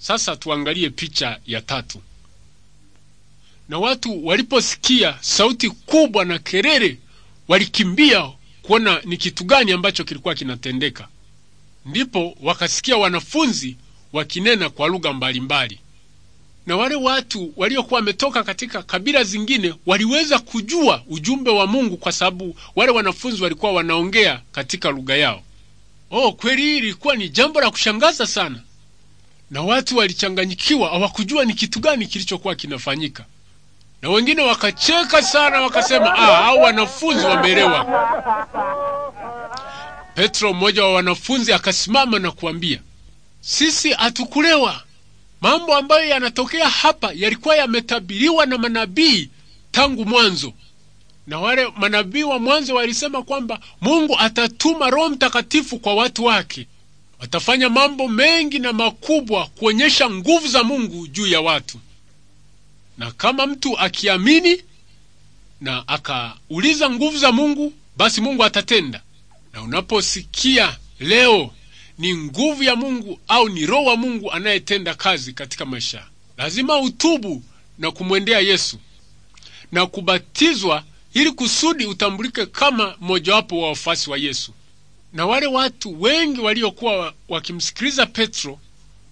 Sasa tuangalie picha ya tatu. Na watu waliposikia sauti kubwa na kelele, walikimbia kuona ni kitu gani ambacho kilikuwa kinatendeka. Ndipo wakasikia wanafunzi wakinena kwa lugha mbalimbali, na wale watu waliokuwa wametoka katika kabila zingine waliweza kujua ujumbe wa Mungu kwa sababu wale wanafunzi walikuwa wanaongea katika lugha yao. Oh, kweli ilikuwa ni jambo la kushangaza sana na watu walichanganyikiwa, hawakujua ni kitu gani kilichokuwa kinafanyika, na wengine wakacheka sana, wakasema ah, hao wanafunzi wameelewa. Petro, mmoja wa wanafunzi, akasimama na kuambia, sisi hatukulewa. Mambo ambayo yanatokea hapa yalikuwa yametabiriwa na manabii tangu mwanzo, na wale manabii wa mwanzo walisema kwamba Mungu atatuma Roho Mtakatifu kwa watu wake watafanya mambo mengi na makubwa kuonyesha nguvu za Mungu juu ya watu. Na kama mtu akiamini na akauliza nguvu za Mungu, basi Mungu atatenda. Na unaposikia leo ni nguvu ya Mungu au ni Roho wa Mungu anayetenda kazi katika maisha, lazima utubu na kumwendea Yesu na kubatizwa ili kusudi utambulike kama mmojawapo wa wafuasi wa Yesu na wale watu wengi waliokuwa wakimsikiliza Petro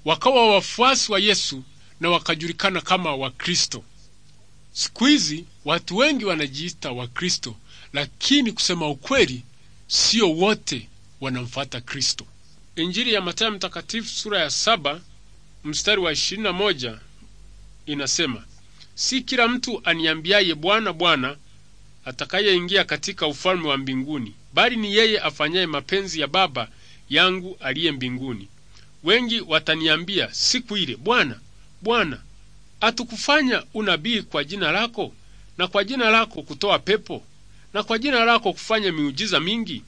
wakawa wafuasi wa Yesu na wakajulikana kama Wakristo. Siku hizi watu wengi wanajiita Wakristo, lakini kusema ukweli, siyo wote wanamfata Kristo. Injili ya Mathayo Mtakatifu sura ya saba mstari wa ishirini na moja inasema, si kila mtu aniambiaye Bwana, Bwana atakayeingia katika ufalme wa mbinguni, bali ni yeye afanyaye mapenzi ya Baba yangu aliye mbinguni. Wengi wataniambia siku ile, Bwana, Bwana, hatukufanya unabii kwa jina lako, na kwa jina lako kutoa pepo, na kwa jina lako kufanya miujiza mingi?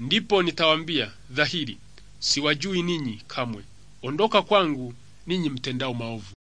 Ndipo nitawambia dhahiri, siwajui ninyi kamwe, ondoka kwangu, ninyi mtendao maovu.